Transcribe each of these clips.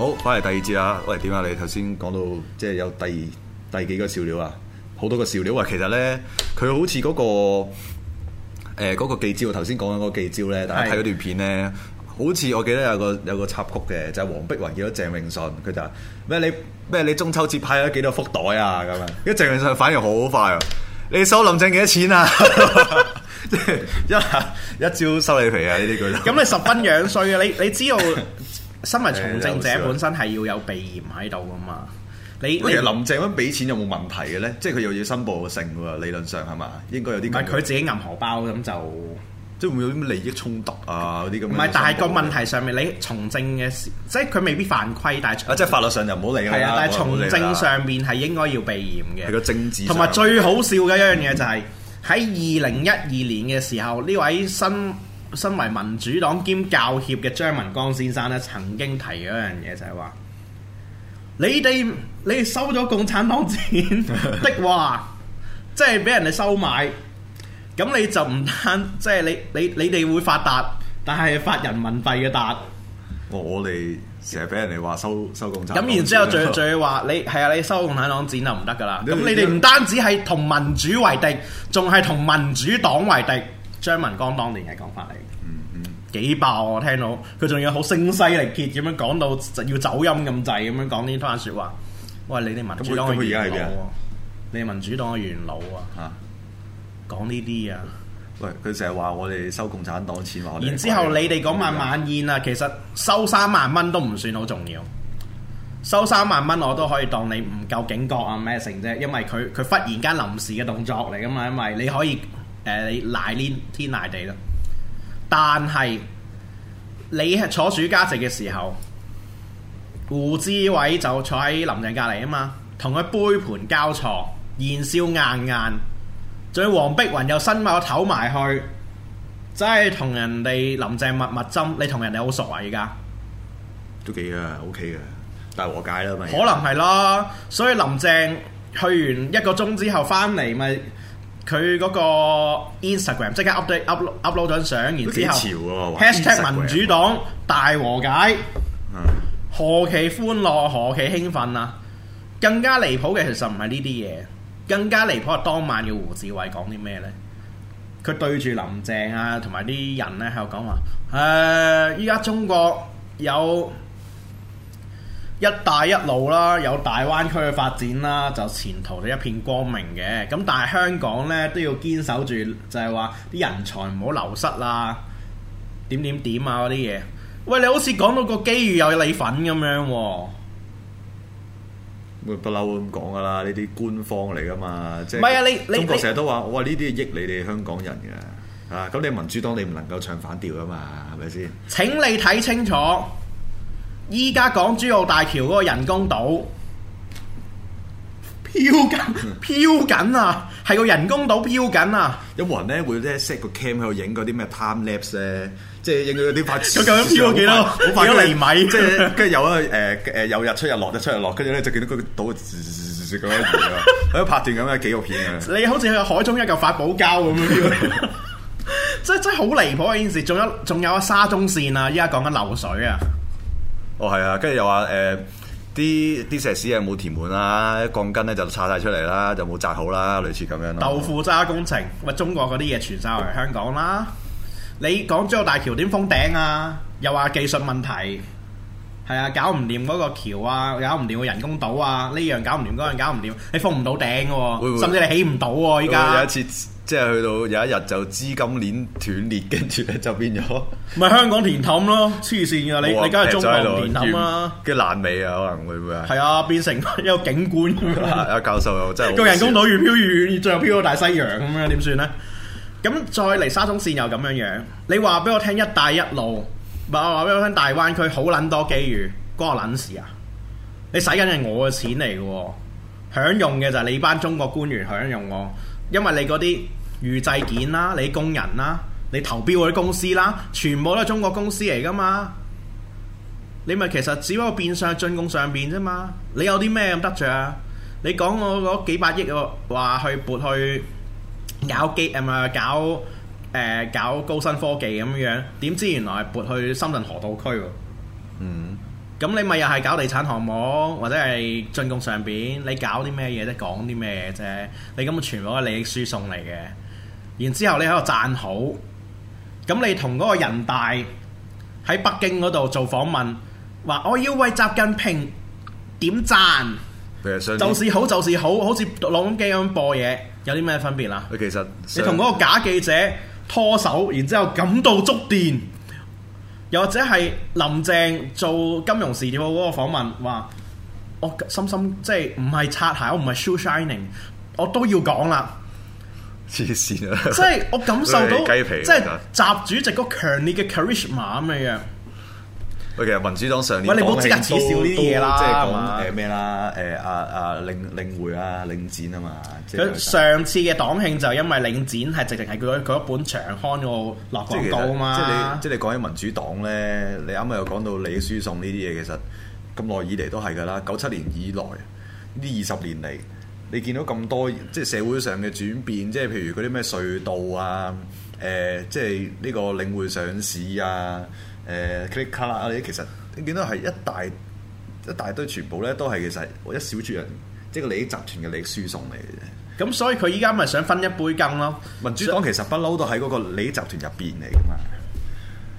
好，翻嚟第二節啊。喂，點啊？你頭先講到即係有第第幾個笑料啊？好多個笑料。啊。其實咧，佢好似嗰個誒嗰個記招，頭先講緊嗰個記招咧，大家睇嗰段片咧，好似我記得有個有個插曲嘅，就係黃碧雲見到鄭永信，佢就話：咩你咩你中秋節派咗幾多福袋啊？咁樣，因鄭永信反應好快啊。你收林鄭幾多錢啊？即係一一招收你皮啊！呢啲句咁你十分樣衰啊！你你知道？身為從政者， 本身係要有避嫌喺度噶嘛？你喂，林鄭咁俾錢有冇問題嘅咧？即係佢又要申報性喎，理論上係嘛？應該有啲問題，唔係佢自己銀荷包就，咁就即會唔會有啲利益衝突啊嗰啲咁。唔係，但係個問題上面，你從政嘅即係佢未必犯規，但係、啊、即係法律上就唔好理㗎。係啊，但係從政上面係應該要避嫌嘅。係個政治同埋最好笑嘅一樣嘢就係喺二零一二年嘅時候，呢位新。身為民主黨兼教協嘅張文光先生咧，曾經提咗一樣嘢，就係、是、話：你哋你收咗共產黨錢的話， 即係俾人哋收買，咁你就唔單即係你你你哋會發達，但係發人民幣嘅達。哦、我哋成日俾人哋話收收共產黨。咁然之後，然後，最後，最後，最最話你係啊，你收共產黨錢就唔得噶啦！ 咁你哋唔單止係同民主為敵，仲係同民主黨為敵。張文光當年嘅講法嚟，嗯嗯、幾爆、啊、我聽到！佢仲要好聲嘶力竭，咁樣講到要走音咁滯，咁樣講呢番説話。喂，你哋民主黨元老，嗯嗯嗯、你哋民主黨嘅元老啊！講呢啲啊！啊喂，佢成日話我哋收共產黨錢然之後，你哋嗰晚晚宴啊，其實收三萬蚊都唔算好重要。收三萬蚊，我都可以當你唔夠警覺啊！咩成啫？因為佢佢忽然間臨時嘅動作嚟㗎嘛，因為你可以。誒、呃、你賴天天賴地啦，但係你係坐主家席嘅時候，胡志偉就坐喺林鄭隔離啊嘛，同佢杯盤交錯，言笑晏晏，仲要黃碧雲又伸埋個頭埋去，真係同人哋林鄭密密針。你同人哋好熟、okay、啊，而家都幾啊，OK 嘅，大和解啦咪。可能係咯，所以林鄭去完一個鐘之後翻嚟咪。佢嗰個 Instagram 即刻 upload up up u p u p 咗張相，然之後 hashtag ht Instagram 民主黨大和解，嗯、何其歡樂，何其興奮啊！更加離譜嘅其實唔係呢啲嘢，更加離譜係當晚嘅胡志偉講啲咩呢？佢對住林鄭啊，同埋啲人呢，喺度講話，誒依家中國有。一帶一路啦，有大灣區嘅發展啦，就前途就一片光明嘅。咁但係香港呢，都要堅守住，就係話啲人才唔好流失啦，點點點、點啊嗰啲嘢。喂，你好似講到個機遇有你份咁樣喎，哦，不嬲咁講噶啦，呢啲官方嚟噶嘛，即係、啊、中國成日都話，我話呢啲係益你哋香港人嘅，啊咁你民主黨你唔能夠唱反調噶嘛，係咪先？請你睇清楚。嗯。依家港珠澳大橋嗰、啊、個人工島漂緊，漂緊啊！係個人工島漂緊啊！有冇人咧會咧 set 個 cam 喺度影嗰啲咩 time lapse 咧？即係影嗰啲塊。佢究竟漂咗幾多？好快，幾多釐米即？即係跟住有啊誒誒，有日出日落，有日出日落，跟住咧就見到佢個島。佢都 拍段咁嘅紀錄片啊！ 你好似去海中一嚿發寶膠咁樣漂。 真真好離譜！嗰件事，仲有仲有沙中線啊！依家講緊流水啊！哦，係啊，跟住又話誒啲啲石屎又冇填滿啦，鋼筋咧就拆晒出嚟啦，就冇紮好啦，類似咁樣啊。豆腐渣工程，咁啊中國嗰啲嘢傳晒嚟香港啦。 你港珠澳大橋點封頂啊？又話技術問題。係啊，搞唔掂嗰個橋啊，搞唔掂個人工島啊，呢樣搞唔掂，嗰樣搞唔掂，你封唔到頂喎，甚至你起唔到喎，依家。有一次即係去到有一日就資金鏈斷裂，跟住咧就變咗，咪香港填氹咯，黐線啊！你你而家係中國填氹啦，叫爛尾啊，可能會唔會啊。係啊，變成一個景觀啊。教授又真係好。個人工島越飄越遠，最後飄到大西洋咁樣，點算呢？咁 再嚟沙中綫又咁樣樣，你話俾我聽，一帶一路。我話俾你聽，大灣區好撚多機遇，關我撚事啊！你使緊係我嘅錢嚟嘅喎，享用嘅就係你班中國官員享用喎，因為你嗰啲預製件啦、你工人啦、你投標嗰啲公司啦，全部都係中國公司嚟噶嘛？你咪其實只不過變相進貢上邊啫嘛？你有啲咩咁得着？啊？你講我嗰幾百億話去撥去搞機啊嘛，搞？搞搞誒，嗯、搞高新科技咁樣，點知原來係撥去深圳河套區喎。嗯，咁你咪又係搞地產項目，或者係進貢上邊，你搞啲咩嘢啫？講啲咩嘢啫？你根本全部都係利益輸送嚟嘅。然之後你喺度讚好，咁你同嗰個人大喺北京嗰度做訪問，話我要為習近平點讚，就是好，就是好，好似錄音機咁播嘢，有啲咩分別啦？佢其實你同嗰個假記者。拖手，然之後感到觸電，又或者係林鄭做金融時點嗰個訪問，話我深深即係唔係擦鞋，我唔係 shoe shining，我都要講啦。黐線啦！即係我感受到， 雞皮啊、即係習主席個強烈嘅 charisma 咁樣。喂，其實民主黨上年，喂你唔好即刻恥笑呢啲嘢啦，即係講誒咩啦，誒阿阿領領匯啊，領展啊嘛。佢上次嘅黨慶就因為領展係直情係佢佢一本長刊喎落廣告啊嘛。即係你即係你講起民主黨咧，你啱啱又講到利益輸送呢啲嘢，其實咁耐以嚟都係噶啦，九七年以來呢二十年嚟，你見到咁多即係社會上嘅轉變，即係譬如嗰啲咩隧道啊，誒即係呢個領匯上市啊。誒 click 卡啦啊！你其實你見到係一大一大堆，全部咧都係其實一小撮人，即係個利益集團嘅利益輸送嚟嘅啫。咁所以佢依家咪想分一杯羹咯。民主黨其實不嬲都喺嗰個利益集團入邊嚟㗎嘛。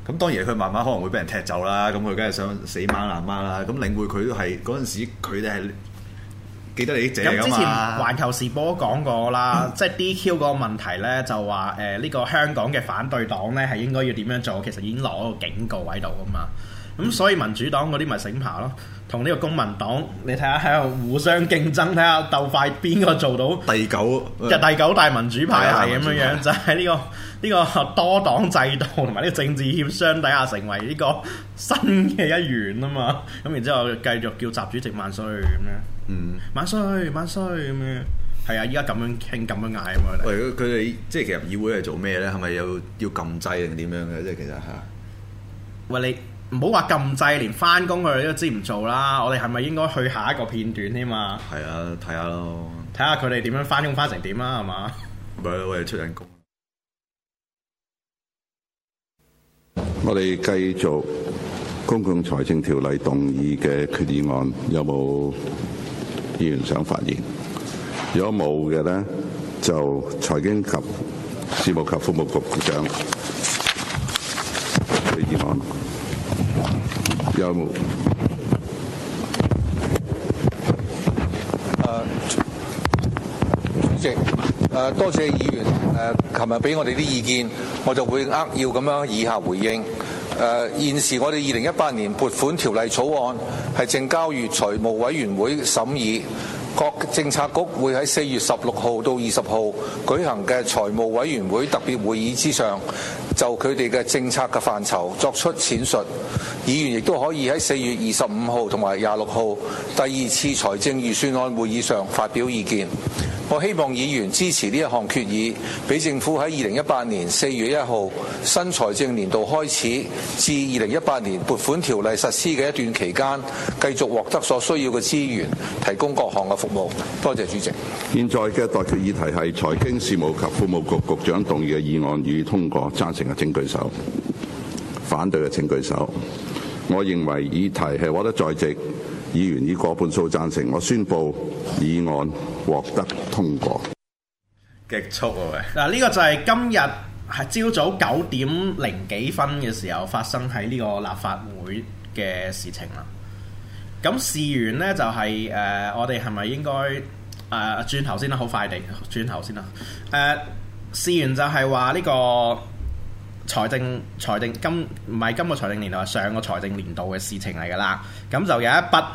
咁當然佢慢慢可能會俾人踢走啦。咁佢梗係想死媽爛媽啦。咁領會佢都係嗰陣時，佢哋係。咁之前《環球時報》都講過啦， 即係 DQ 嗰個問題咧，就話誒呢個香港嘅反對黨咧係應該要點樣做？其實已經攞個警告喺度㗎嘛。咁所以民主黨嗰啲咪醒牌咯，同呢個公民黨，你睇下喺度互相競爭，睇下鬥快邊個做到第九嘅第九大民主派係咁樣樣，就係呢個呢個多黨制度同埋呢個政治協商底下成為呢個新嘅一員啊嘛。咁然之後繼續叫習主席萬歲咁樣。嗯，萬歲萬歲咁樣，係啊！依家咁樣傾，咁樣嗌啊嘛！喂，佢佢哋即係其實議會係做咩咧？係咪又要禁制定點樣嘅？即係其實吓，啊、喂，你唔好話禁制，連翻工佢哋都知唔做啦！我哋係咪應該去下一個片段添嘛？係啊，睇下咯，睇下佢哋點樣翻工翻成點啊？係嘛，咪喂，我哋出人工。我哋繼續公共財政條例動議嘅決議案，有冇？議員想發言，如果冇嘅咧，就財經及事務及服務局局長，議員有冇？啊，主席，誒、啊、多謝議員誒，琴日俾我哋啲意見，我就會扼要咁樣以下回應。誒，現時我哋二零一八年撥款條例草案係正交予財務委員會審議，各政策局會喺四月十六號到二十號舉行嘅財務委員會特別會議之上，就佢哋嘅政策嘅範疇作出闡述。議員亦都可以喺四月二十五號同埋廿六號第二次財政預算案會議上發表意見。我希望議員支持呢一項決議，俾政府喺二零一八年四月一號新財政年度開始至二零一八年撥款條例實施嘅一段期間，繼續獲得所需要嘅資源，提供各項嘅服務。多謝主席。現在嘅代決議題係財經事務及服務局局長動議嘅議案，已通過，贊成嘅請舉手，反對嘅請舉手。我認為議題係獲得在席。議員已過半數贊成，我宣布議案獲得通過。極速啊！喂、呃，嗱，呢個就係今日係朝早九點零幾分嘅時候發生喺呢個立法會嘅事情啦。咁事完呢，就係、是、誒、呃，我哋係咪應該誒、呃、轉頭先啦？好快地轉頭先啦。誒、呃，事緣就係話呢個。財政財政今唔係今個財政年度，係上個財政年度嘅事情嚟㗎啦。咁就有一筆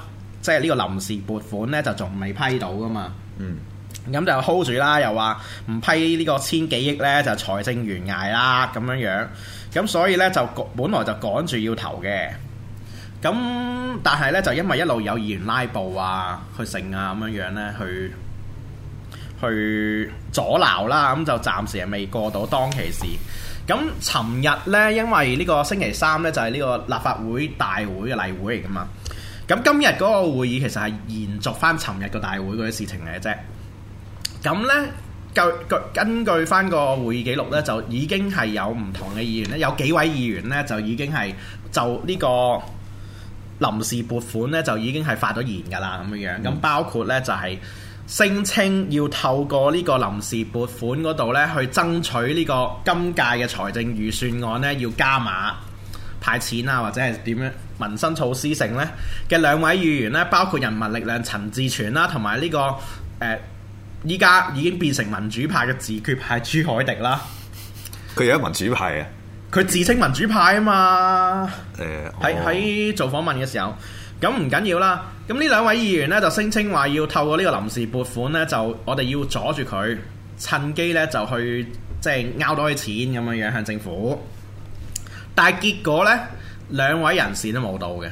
即係呢個臨時撥款呢，就仲未批到㗎嘛。嗯，咁就 hold 住啦，又話唔批呢個千幾億呢，就財政懸崖啦，咁樣樣。咁所以呢，就本來就趕住要投嘅，咁但係呢，就因為一路有議員拉布啊，去剩啊，咁樣樣呢，去去阻撓啦，咁就暫時係未過到當其時。咁，尋日呢，因為呢個星期三呢，就係呢個立法會大會嘅例會嚟噶嘛。咁今日嗰個會議其實係延續翻尋日個大會嗰啲事情嚟嘅啫。咁呢，根據翻個會議記錄呢，就已經係有唔同嘅議員呢，有幾位議員呢，就已經係就呢個臨時撥款呢，就已經係發咗言噶啦，咁樣樣。咁、嗯、包括呢，就係聲稱要透過呢個臨時撥款嗰度呢，去爭取呢個今屆嘅財政預算案呢，要加碼派錢啊，或者係點樣民生措施性呢嘅兩位議員呢，包括人民力量陳志全啦、啊，同埋呢個誒依家已經變成民主派嘅自決派朱凱迪啦。佢而家民主派啊！佢自稱民主派啊嘛。喺喺、呃哦、做訪問嘅時候，咁唔緊要啦。咁呢兩位議員咧就聲稱話要透過呢個臨時撥款咧，就我哋要阻住佢，趁機咧就去即係拗到佢錢咁樣樣向政府。但係結果咧，兩位人士都冇到嘅，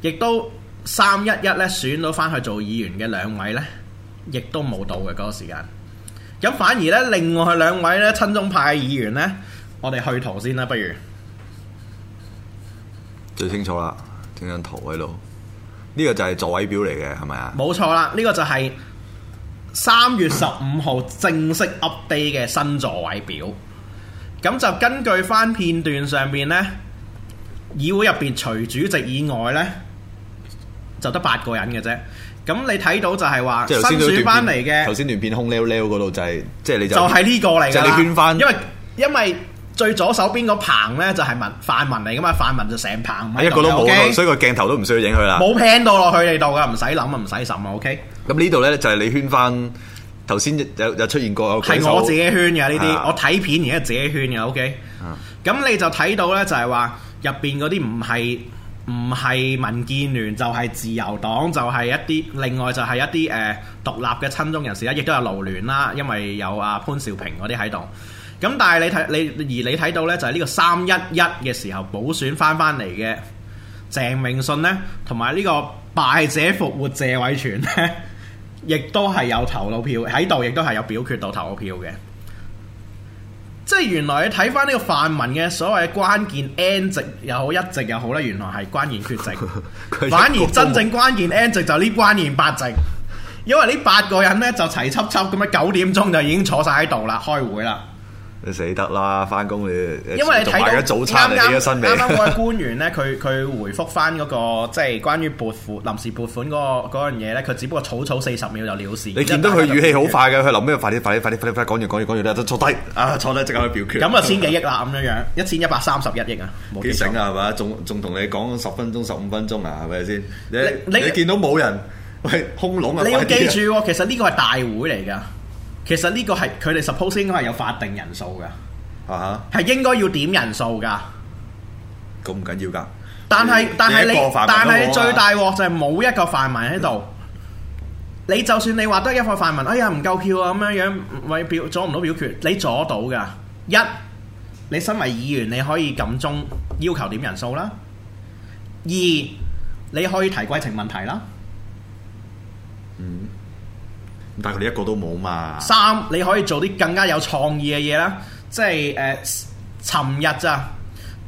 亦都三一一咧選到翻去做議員嘅兩位咧，亦都冇到嘅嗰個時間。咁反而咧，另外兩位咧親中派嘅議員咧，我哋去圖先啦，不如最清楚啦，聽聽圖喺度。呢個就係座位表嚟嘅，係咪啊？冇錯啦，呢、呢個就係三月十五號正式 update 嘅新座位表。咁 就根據翻片段上邊呢，議會入邊除主席以外呢，就得八個人嘅啫。咁你睇到就係話新選翻嚟嘅頭先段片空 llelle 嗰度就係即係你就係、就係呢個嚟嘅，即係你捐翻，因為因為。最左手邊個棚呢，就係泛，泛民嚟噶嘛，泛民就成棚，一個都冇，所以個鏡頭都唔需要影佢啦。冇 pan 到落去你度噶，唔使諗啊，唔使諗啊，OK。咁呢度呢，就係你圈翻頭先有有出現過，係我自己圈嘅呢啲，的我睇片而家自己圈嘅，OK、嗯。咁你就睇到呢，就係話入邊嗰啲唔係唔係民建聯，就係、是、自由黨，就係、是、一啲另外就係一啲誒獨立嘅親中人士啦，亦都有勞聯啦，因為有阿潘兆平嗰啲喺度。咁但係你睇你而你睇到呢，就係呢個三一一嘅時候補選翻翻嚟嘅鄭泳舜呢，同埋呢個敗者復活謝偉銓呢，亦都係有投到票喺度，亦都係有表決度投個票嘅。即係原來你睇翻呢個泛民嘅所謂關鍵 N 席又好一席又好咧，原來係關鍵缺席， 高高反而真正關鍵 N 席就呢關鍵八席，因為呢八個人呢，就齊輯輯咁樣九點鐘就已經坐晒喺度啦，開會啦。你死得啦！翻工你，因你食埋咗早餐，你俾咗生命。啱啱嗰位官員咧，佢佢回覆翻嗰個，即係關於撥款臨時撥款嗰個樣嘢咧，佢只不過草草四十秒就了事。你見到佢語氣好快嘅，佢諗咩？快啲，快啲，快啲，快啲，快啲講嘢，講嘢，講嘢都坐低啊，坐低，即刻去表決。咁啊，千幾億啦，咁樣樣，一千一百三十一億啊，幾醒啊，係嘛？仲仲同你講十分鐘、十五分鐘啊，係咪先？你你見到冇人喂空籠你要記住，其實呢個係大會嚟噶。其實呢個係佢哋 suppose 應該係有法定人數噶，啊哈、uh，係、huh. 應該要點人數噶，咁唔緊要噶？但係是你但係你，你但係最大鑊就係冇一個泛民喺度，嗯、你就算你話得一個泛民，哎呀唔夠票啊咁樣樣，委表阻唔到表決，你阻到噶？一，你身為議員你可以撳鐘要求點人數啦；二，你可以提規程問題啦。嗯。但係佢哋一個都冇嘛？三，你可以做啲更加有創意嘅嘢啦，即係誒，尋、呃、日咋，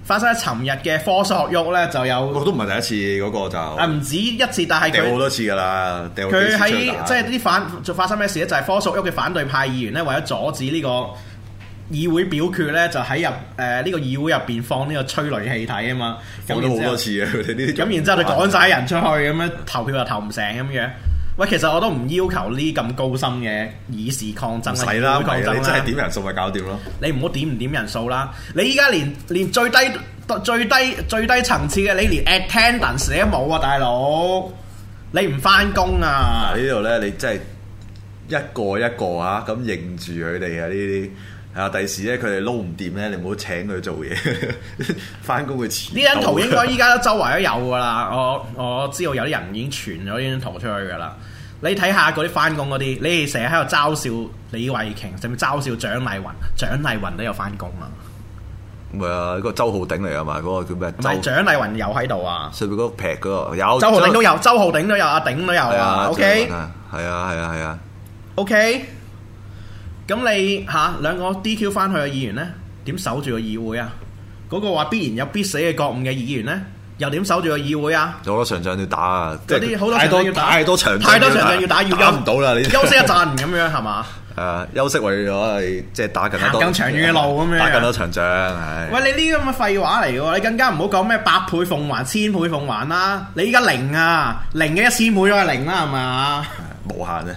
發生喺尋日嘅科索沃咧，就有我都唔係第一次嗰、那個就啊，唔止一次，但係掉好多次噶啦，佢喺即係啲反就發生咩事咧？就係、是、科索沃嘅反對派議員咧，為咗阻止呢個議會表決咧，就喺入誒呢、呃這個議會入邊放呢個催淚氣體啊嘛，放咗好多次啊！咁然之後、後、後、後、後就趕晒人出去，咁樣投票又投唔成咁樣。 喂，其實我都唔要求呢咁高深嘅以示抗爭啊！唔使啦，唔係你真係點人數咪搞掂咯？你唔好點唔點人數啦！你依家連連最低最低最低層次嘅你連 attendance 你都冇啊，大佬！你唔翻工啊？呢度咧，你真係一個一個啊，咁認住佢哋啊呢啲。係啊，第時咧佢哋撈唔掂咧，你唔好請佢做嘢，翻工嘅錢。呢張圖應該依家都周圍都有噶啦， 我我知道有啲人已經傳咗呢張圖出去噶啦。你睇下嗰啲翻工嗰啲，你哋成日喺度嘲笑李慧瓊，甚至嘲笑蔣麗雲，蔣麗雲都有翻工啊。唔係啊，嗰個周浩鼎嚟啊嘛，嗰個叫咩？唔係蔣麗雲有喺度啊。上面嗰個劈嗰個有，周浩鼎都有，周浩鼎都有，阿鼎都有啊。O K，係啊係啊係啊。O K。咁你吓、啊、兩個 DQ 翻去嘅議員咧，點守住個議會啊？嗰、嗰個話必然有必死嘅覺悟嘅議員咧，又點守住個議會啊？有好多場仗要打啊！即係啲好多太多太多場仗，太多場仗要打，休唔到啦！你休息一陣咁 樣係嘛？係、啊、休息為咗係即係打更多，多更長遠嘅路咁樣、啊，打更多場仗係。啊、喂，你呢啲咁嘅廢話嚟㗎喎！你更加唔好講咩百倍奉還、千倍奉還啦！你依家零啊，零嘅一千倍都係零啦，係嘛？無限啫。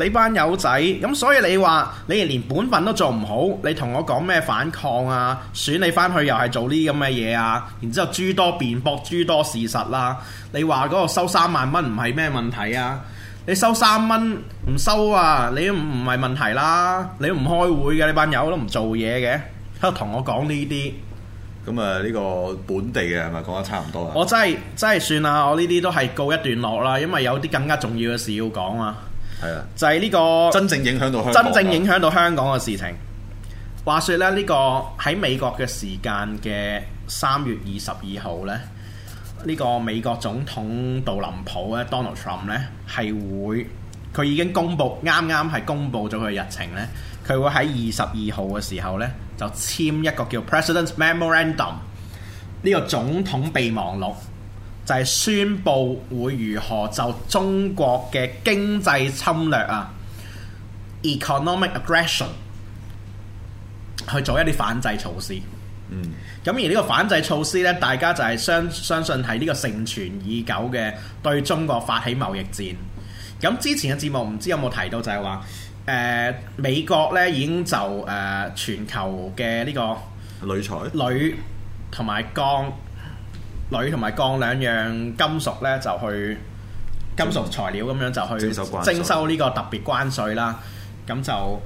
你班友仔咁，所以你話你連本份都做唔好，你同我講咩反抗啊？選你翻去又係做啲咁嘅嘢啊？然之後諸多辯駁，諸多事實啦、啊。你話嗰個收三萬蚊唔係咩問題啊？你收三蚊唔收啊？你都唔係問題啦、啊。你都唔開會嘅，你班友都唔做嘢嘅，喺度同我講呢啲。咁啊，呢個本地嘅係咪講得差唔多啊？我真係真係算啦，我呢啲都係告一段落啦，因為有啲更加重要嘅事要講啊。係啊，就係呢、這個真正影響到香港，真正影響到香港嘅事情。話說咧、這個，呢個喺美國嘅時間嘅三月二十二號咧，呢、這個美國總統杜林普咧 Donald Trump 咧係會，佢已經公布啱啱係公布咗佢日程咧，佢會喺二十二號嘅時候咧就簽一個叫 President Memorandum 呢個總統備忘錄。就係宣佈會如何就中國嘅經濟侵略啊，economic aggression，去做一啲反制措施。嗯。咁而呢個反制措施咧，大家就係相相信係呢個盛傳已久嘅對中國發起貿易戰。咁之前嘅節目唔知有冇提到就係話，誒、呃、美國咧已經就誒、呃、全球嘅呢、這個鋁材、鋁同埋鋼。鋁同埋鋼兩樣金屬咧，就去金屬材料咁樣就去徵收呢個特別關稅啦。咁就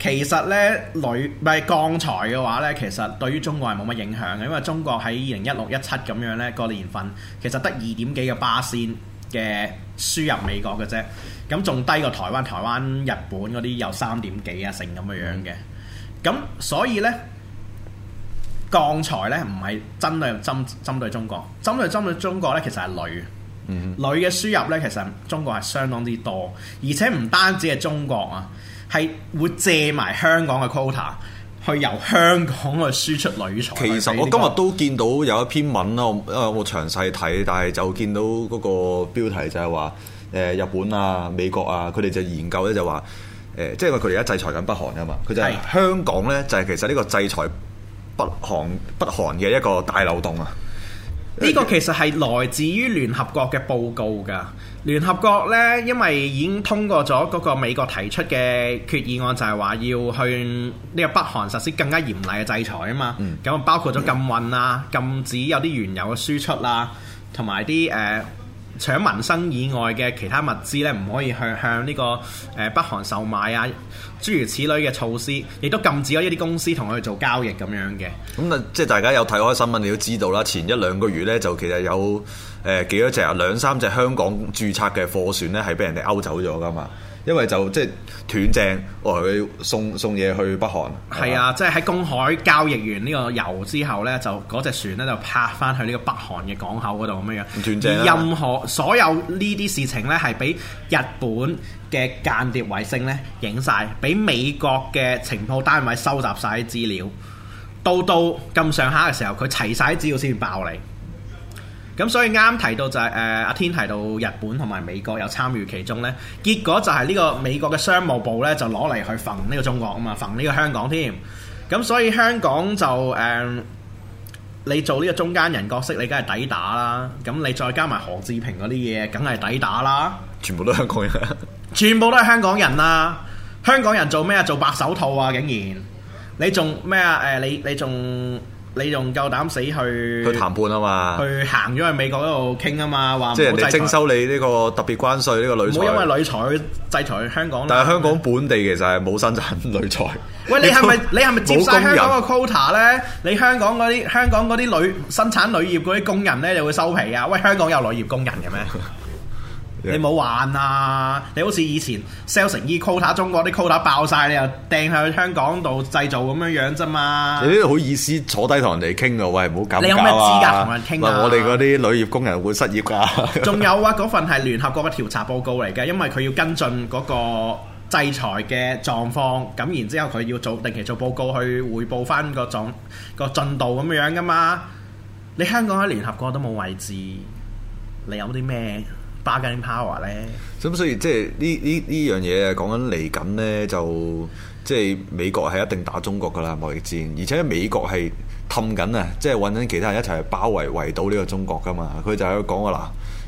其實咧，鋁唔係鋼材嘅話咧，其實對於中國係冇乜影響嘅，因為中國喺二零一六一七咁樣咧個年份，其實得二點幾個巴仙嘅輸入美國嘅啫。咁仲低過台灣、台灣、日本嗰啲有三點幾啊成咁嘅樣嘅。咁所以咧。鋼材咧唔係針對針針對中國，針對針對中國咧其實係鋁，鋁嘅、嗯、哼輸入咧其實中國係相當之多，而且唔單止係中國啊，係會借埋香港嘅 quota 去由香港去輸出鋁材。其實我今日都見到有一篇文啦，誒我詳細睇，但係就見到嗰個標題就係話，誒日本啊、美國啊，佢哋就研究咧就話，誒即係因為佢哋而家制裁緊北韓啊嘛，佢就係是香港咧就係其實呢個制裁。北韓北韓嘅一個大漏洞啊！呢個其實係來自於聯合國嘅報告㗎。聯合國呢，因為已經通過咗嗰個美國提出嘅決議案，就係話要去呢個北韓實施更加嚴厲嘅制裁啊嘛。咁、嗯、包括咗禁運啊、禁止有啲原油嘅輸出啦，同埋啲誒，呃除咗民生以外嘅其他物資咧，唔可以去向呢、這個誒、呃、北韓售賣啊，諸如此類嘅措施，亦都禁止咗一啲公司同佢去做交易咁樣嘅。咁啊、嗯，即係大家有睇開新聞，你都知道啦。前一兩個月咧，就其實有誒、呃、幾多隻啊，兩三隻香港註冊嘅貨船咧，係俾人哋勾走咗噶嘛。因為就即係斷正，我去送送嘢去北韓。係啊，吧即係喺公海交易完呢個油之後呢，就嗰隻船呢，就泊翻去呢個北韓嘅港口嗰度咁樣樣斷正。而、啊、任何所有呢啲事情呢，係俾日本嘅間諜衛星呢影晒，俾美國嘅情報單位收集晒啲資料。到到咁上下嘅時候，佢齊曬資料先爆你。咁所以啱提到就係誒，阿天提到日本同埋美國有參與其中呢，結果就係呢個美國嘅商務部呢，就攞嚟去焚呢個中國吖嘛，焚呢個香港添，咁所以香港就誒、呃、你做呢個中間人角色，你梗係抵打啦。咁你再加埋何志平嗰啲嘢，梗係抵打啦。全部都係香港人、啊， 全部都係香港人啦、啊。香港人做咩啊？做白手套啊！竟然你仲咩啊？誒、呃、你你仲？你仲夠膽死去去談判啊嘛？去行咗去美國嗰度傾啊嘛？話即係你徵收你呢個特別關稅呢、呢個鋁材唔好因為鋁材制裁香港。但係香港本地其實係冇生產鋁材。喂，你係咪你係都咪接晒香港個 quota 咧？你香港嗰啲香港嗰啲鋁生產鋁業嗰啲工人咧，你會收皮啊！喂，香港有鋁業工人嘅咩？ 你冇玩啊！你好似以前 s a l e 成 e quota，中國啲 quota 爆晒，你又掟去香港度製造咁樣樣啫嘛！你都好意思坐低同人哋傾噶？喂，唔好搞搞，你有咩資格同人傾啊？我哋嗰啲鋁業工人會失業噶。仲 有啊，嗰份係聯合國嘅調查報告嚟嘅，因為佢要跟進嗰個制裁嘅狀況，咁然後之後佢要做定期做報告去彙報翻個進個進度咁樣噶嘛。你香港喺聯合國都冇位置，你有啲咩？巴金 power 咧，咁、嗯、所以即係呢呢呢樣嘢啊，講緊嚟緊呢，就即係美國係一定打中國噶啦，貿易戰，而且美國係氹緊啊，即係揾緊其他人一齊去包圍圍堵呢個中國噶嘛，佢就喺度講啊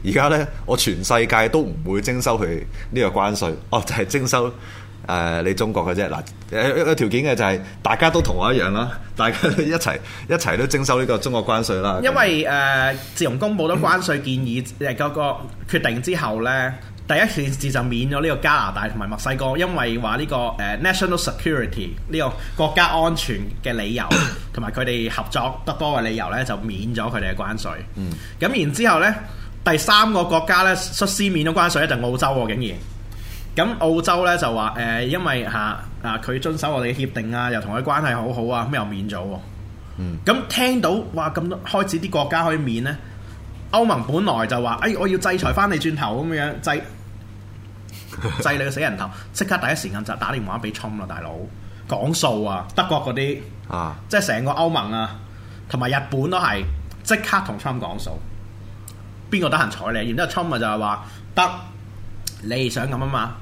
嗱，而家呢，我全世界都唔會徵收佢呢個關稅，哦就係徵收。誒、啊，你中國嘅啫嗱，誒一個條件嘅就係大家都同我一樣啦，大家都一齊一齊都徵收呢個中國關稅啦。因為誒、呃，自從公布咗關稅建議誒嗰個決定之後咧，第一件事就免咗呢個加拿大同埋墨西哥，因為話呢、呢個誒、呃、national security 呢個國家安全嘅理由，同埋佢哋合作得多嘅理由咧，就免咗佢哋嘅關稅。嗯。咁然之後咧，第三個國家咧，率先免咗關稅，一定澳洲喎、啊，竟然。咁澳洲咧就話誒、呃，因為吓啊佢、啊、遵守我哋協定啊，又同佢關係好好啊，咁又免咗、啊。咁、嗯、聽到哇咁多開始啲國家可以免呢？歐盟本來就話誒、哎，我要制裁翻你轉頭咁樣制制你個死人頭，即 刻第一時間就打電話俾 Trump 啦，大佬講數啊，德國嗰啲啊，即係成個歐盟啊，同埋日本都係即刻同 Trump 講數，邊個得閒睬你？然之後 Trump 咪就係話得，你想咁啊嘛？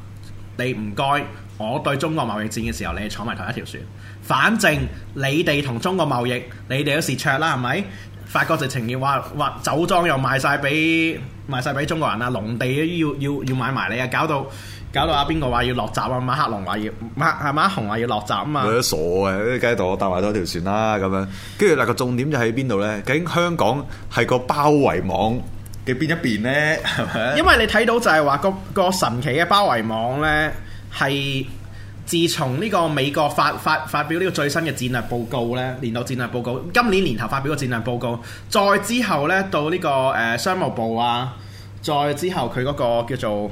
你唔該，我對中國貿易戰嘅時候，你係坐埋同一條船。反正你哋同中國貿易，你哋有時蝕咗啦，係咪？法國直情要話話酒莊又賣晒俾賣曬俾中國人啦，農地都要要要買埋你啊，搞到搞到阿邊個話要落閘啊，馬克龍話要馬係馬克宏話要落閘啊嘛。傻嘅，梗係當我搭埋多條船啦咁樣。跟住嗱，個重點就喺邊度咧？究竟香港係個包圍網？嘅邊一邊呢？ 因為你睇到就係話、嗰個神奇嘅包圍網呢，係自從呢個美國發發發表呢個最新嘅戰略報告呢，年度戰略報告，今年年頭發表個戰略報告，再之後呢，到呢、呢個誒、呃、商務部啊，再之後佢嗰個叫做。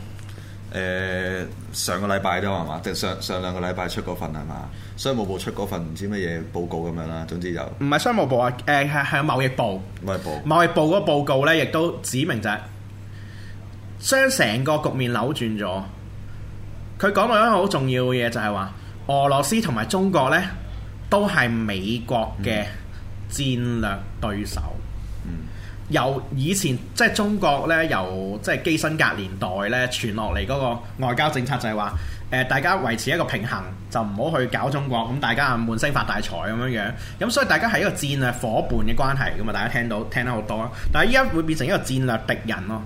誒、呃、上個禮拜啫嘛，係嘛？定上上兩個禮拜出嗰份係嘛？商務部出嗰份唔知乜嘢報告咁樣啦，總之就唔係商務部啊，誒，係係貿易部貿易部貿易部嗰個報告呢，亦都指明就係、是、將成個局面扭轉咗。佢講到一個好重要嘅嘢、就是，就係話俄羅斯同埋中國呢，都係美國嘅戰略對手。嗯。由以前即係中國咧，由即係基辛格年代咧傳落嚟嗰個外交政策就係話：誒、呃、大家維持一個平衡，就唔好去搞中國咁，大家啊悶聲發大財咁樣樣。咁、嗯、所以大家係一個戰略伙伴嘅關係咁啊，大家聽到聽得好多啊。但係依家會變成一個戰略敵人咯，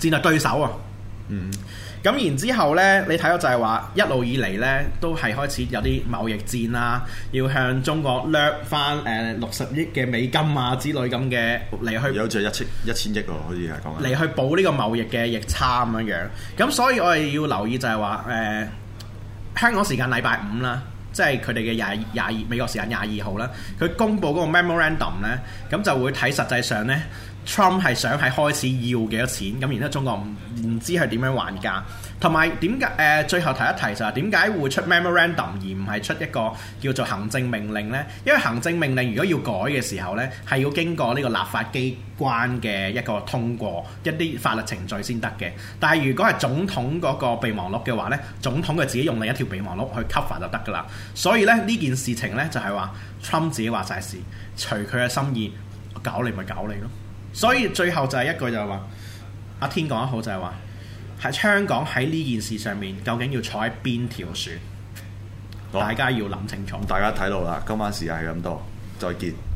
戰略對手啊。嗯。咁然之後呢，你睇到就係話一路以嚟呢，都係開始有啲貿易戰啦、啊，要向中國掠翻誒六十億嘅美金啊之類咁嘅嚟去。有隻一千一千億喎、哦，好似係講嚟去補呢個貿易嘅逆差咁樣樣。咁所以我哋要留意就係話誒香港時間禮拜五啦，即係佢哋嘅廿廿二美國時間廿二號啦，佢公佈嗰個 memorandum 呢，咁就會睇實際上呢。Trump 係想喺開始要幾多錢咁，然之後中國唔知係點樣還價，同埋點解誒？最後提一提就係點解會出 Memorandum 而唔係出一個叫做行政命令呢？因為行政命令如果要改嘅時候呢，係要經過呢個立法機關嘅一個通過一啲法律程序先得嘅。但係如果係總統嗰個備忘錄嘅話呢，總統佢自己用另一條備忘錄去 cover 就得噶啦。所以咧呢件事情呢，就係話 Trump 自己話晒事，隨佢嘅心意搞你咪搞你咯。所以最後就係一句就係話，阿天講得好就係話，喺香港喺呢件事上面究竟要坐喺邊條船，好大家要諗清楚。大家睇到啦，今晚時間係咁多，再見。